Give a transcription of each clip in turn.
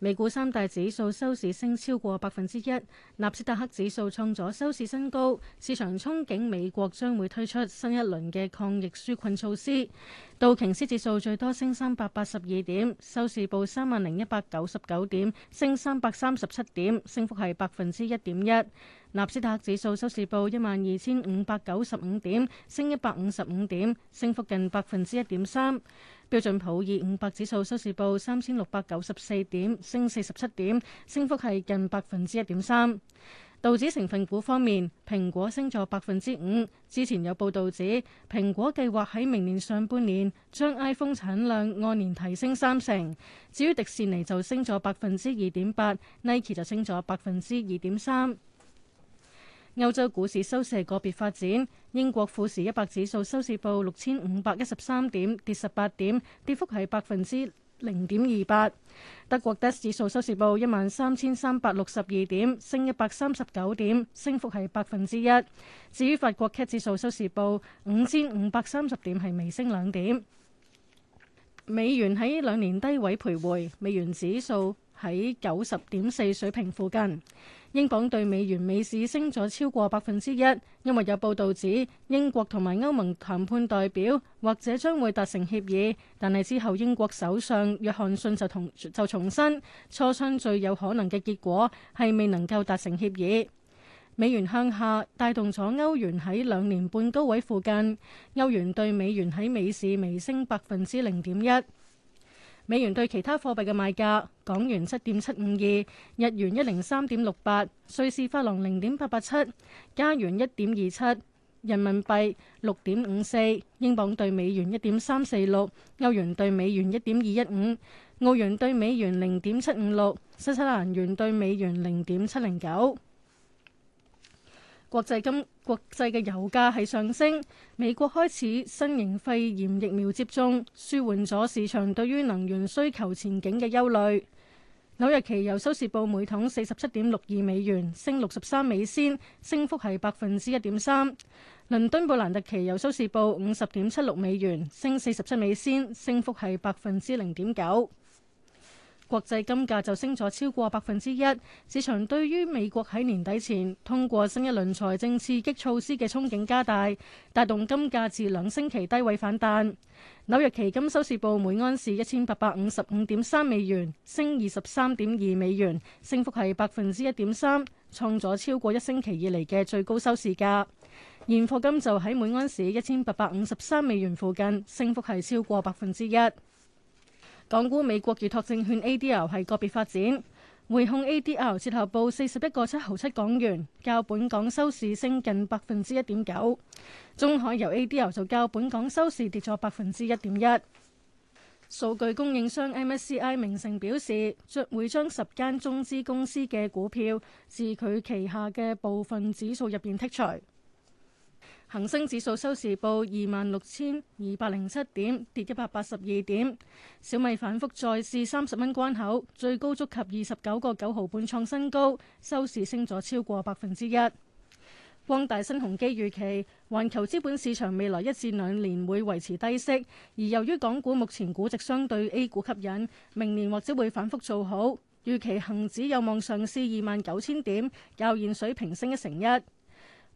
美股三大指數收市升超過百分之一，納斯達克指數創咗收市新高，市場憧憬美國將會推出新一輪嘅抗疫紓困措施。道瓊斯指數最多升三百八十二點，收市報三萬零一百九十九點，升三百三十七點，升幅係百分之一點一。納斯達克指數收市報一萬二千五百九十五點，升一百五十五點，升幅近百分之一點三。標準普爾五百指數收市報三千六百九十四點，升四十七點，升幅係近百分之一點三。道指成分股方面，蘋果升咗百分之五。之前有報道指，蘋果計劃喺明年上半年將 iPhone 產量按年提升三成。至於迪士尼就升咗百分之二點八，Nike 就升咗百分之二點三。歐洲股市收市個別發展，英國富時一百指數收市報六千五百一十三點，跌十八點，跌幅係百分之零點二八。德國 DAX 指數收市報一萬三千三百六十二點，升一百三十九點，升幅係百分之一。至於法國 CAC 指數收市報五千五百三十點，係微升兩點。美元喺兩年低位徘徊，美元指數喺九十點四水平附近。英鎊對美元美市升咗超過百分之一，因為有報道指英國同埋歐盟談判代表或者將會達成協議，但係之後英國首相約翰遜就同就重申，磋商最有可能嘅結果係未能夠達成協議。美元向下帶動咗歐元喺兩年半高位附近，歐元對美元喺美市微升百分之零點一。美元對其他貨幣嘅賣價：港元七點七五二，日元一零三點六八，瑞士法郎零點八八七，加元一點二七，人民幣六點五四，英鎊對美元一點三四六，歐元對美元一點二一五，澳元對美元零點七五六，新西蘭元對美元零點七零九。國際金國際嘅油價係上升，美國開始新型肺炎疫苗接種，舒緩咗市場對於能源需求前景嘅憂慮。紐約期油收市報每桶四十七點六二美元，升六十三美仙，升幅係百分之一點三。倫敦布蘭特期油收市報五十點七六美元，升四十七美仙，升幅係百分之零點九。國際金價就升咗超過百分之一，市場對於美國喺年底前通過新一輪財政刺激措施嘅憧憬加大，帶動金價至兩星期低位反彈。紐約期金收市報每盎司一千八百五十五點三美元，升二十三點二美元，升幅係百分之一點三，創咗超過一星期以嚟嘅最高收市價。現貨金就喺每盎司一千八百五十三美元附近，升幅係超過百分之一。港股美國預託證券 A D L 係個別發展，匯控 A D L 折合報四十一個七毫七港元，較本港收市升近百分之一點九。中海油 A D L 就較本港收市跌咗百分之一點一。數據供應商 M S C I 明晟表示，將每張十間中資公司嘅股票自佢旗下嘅部分指數入邊剔除。.恒生指數收市報二萬六千二百零七點，跌一百八十二點。小米反覆再試三十蚊關口，最高觸及二十九個九毫半，創新高，收市升咗超過百分之一。光大新鴻基預期，環球資本市場未來一至兩年會維持低息，而由於港股目前估值相對 A 股吸引，明年或者會反覆做好，預期恒指有望上試二萬九千點，較現水平升一成一。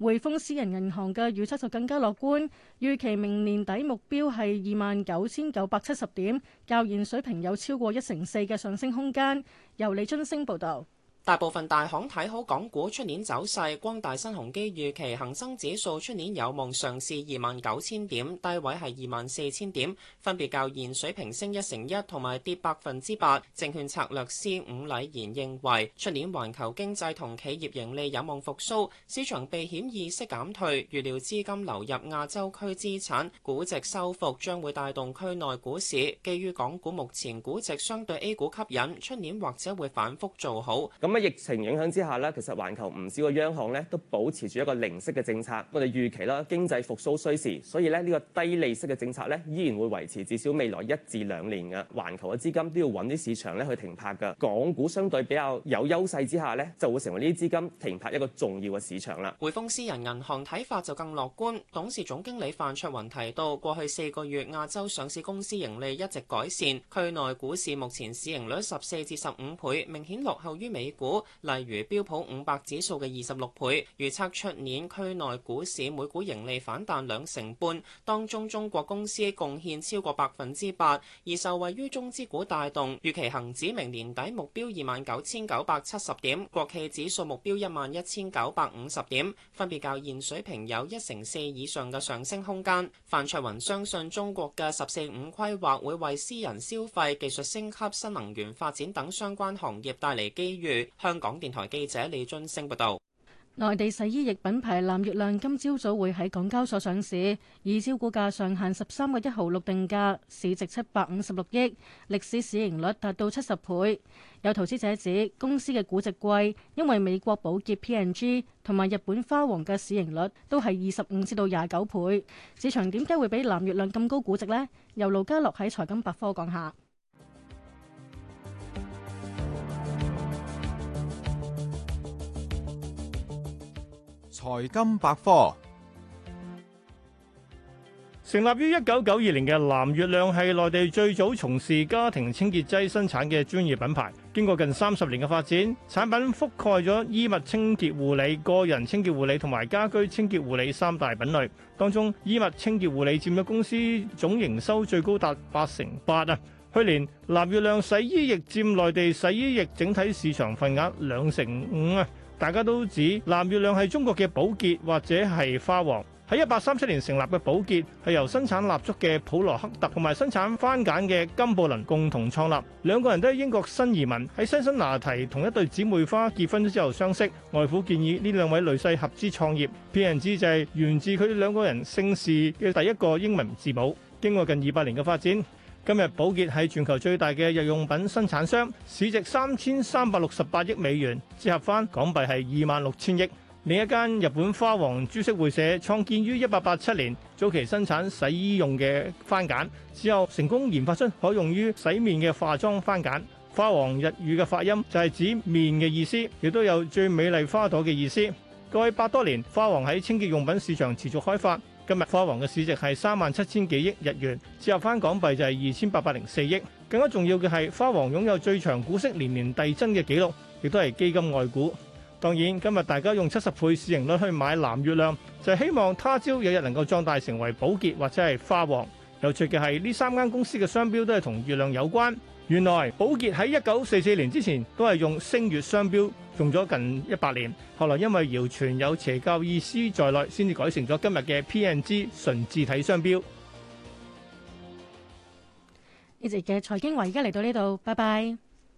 匯豐私人銀行嘅預測就更加樂觀，預期明年底目標係二萬九千九百七十點，較現水平有超過一成四嘅上升空間。由李津升報道。大部分大行睇好港股出年走勢，光大新鴻基預期恒生指數出年有望上試二萬九千點，低位係二萬四千點，分別較現水平升一成一，同埋跌百分之八。證券策略師伍禮賢認為，出年環球經濟同企業盈利有望復蘇，市場避險意識減退，預料資金流入亞洲區資產，估值收復將會帶動區內股市。基於港股目前估值相對 A 股吸引，出年或者會反覆做好。 咁疫情影響之下咧，其實環球唔少嘅央行咧都保持住一個零息嘅政策。我哋預期啦，經濟復甦需時，所以咧呢個低利息嘅政策咧依然會維持，至少未來一至兩年嘅環球嘅資金都要揾啲市場咧去停泊嘅。港股相對比較有優勢之下咧，就會成為呢啲資金停泊一個重要嘅市場啦。匯豐私人銀行睇法就更樂觀。董事總經理范卓雲提到，過去四個月亞洲上市公司盈利一直改善，區內股市目前市盈率十四至十五倍，明顯落後於美國。股，例如標普五百指數嘅二十六倍，預測出年區內股市每股盈利反彈兩成半，當中中國公司貢獻超過百分之八，而受惠於中資股帶動，預期恒指明年底目標二萬九千九百七十點，國企指數目標一萬一千九百五十點，分別較現水平有一成四以上嘅上升空間。范卓云相信，中國嘅十四五規劃會為私人消費、技術升級、新能源發展等相關行業帶嚟機遇。香港電台記者李俊升報道，內地洗衣液品牌藍月亮今朝早，早會喺港交所上市，以招股價上限十三個一毫六定價，市值七百五十六億，歷史市盈率達到七十倍。有投資者指公司嘅估值貴，因為美國寶潔 P&G n 同埋日本花王嘅市盈率都係二十五至到廿九倍，市場點解會比藍月亮咁高估值呢？由盧家樂喺財金百科講下。財金百科，成立於一九九二年嘅藍月亮係內地最早從事家庭清潔劑生產嘅專業品牌。經過近三十年嘅發展，產品覆蓋咗衣物清潔護理、個人清潔護理同埋家居清潔護理三大品類。當中，衣物清潔護理佔咗公司總營收最高達八成八啊！去年，藍月亮洗衣液佔內地洗衣液整體市場份額兩成五啊！大家都指藍月亮係中國嘅寶潔或者係花王。喺一八三七年成立嘅寶潔係由生產蠟燭嘅普羅克特同埋生產番梘嘅金布倫共同創立，兩個人都係英國新移民，喺辛辛那提同一對姊妹花結婚咗之後，相識外父建議呢兩位女婿合資創業，P&G 之際源自佢哋兩個人姓氏嘅第一個英文字母，經過近二百年嘅發展。今日寶潔係全球最大嘅日用品生產商，市值三千三百六十八億美元，折合翻港幣係二萬六千億。另一間日本花王株式會社創建於一八八七年，早期生產洗衣用嘅番梘，之後成功研發出可用於洗面嘅化妝番梘。花王日語嘅發音就係指面嘅意思，亦都有最美麗花朵嘅意思。過去百多年，花王喺清潔用品市場持續開發。今日花王嘅市值係三萬七千幾億日元，折合翻港幣就係二千八百零四億。更加重要嘅係，花王擁有最長股息年年遞增嘅紀錄，亦都係基金外股。當然，今日大家用七十倍市盈率去買藍月亮，就係希望他朝有日能夠壯大成為寶潔或者係花王。有趣嘅係，呢三間公司嘅商標都係同月亮有關。原來寶潔喺一九四四年之前都係用星月商標，用咗近一百年，後來因為謠傳有邪教意思在內，先至改成咗今日嘅 P&G 純字體商標。呢集嘅財經華，而家嚟到呢度，拜拜。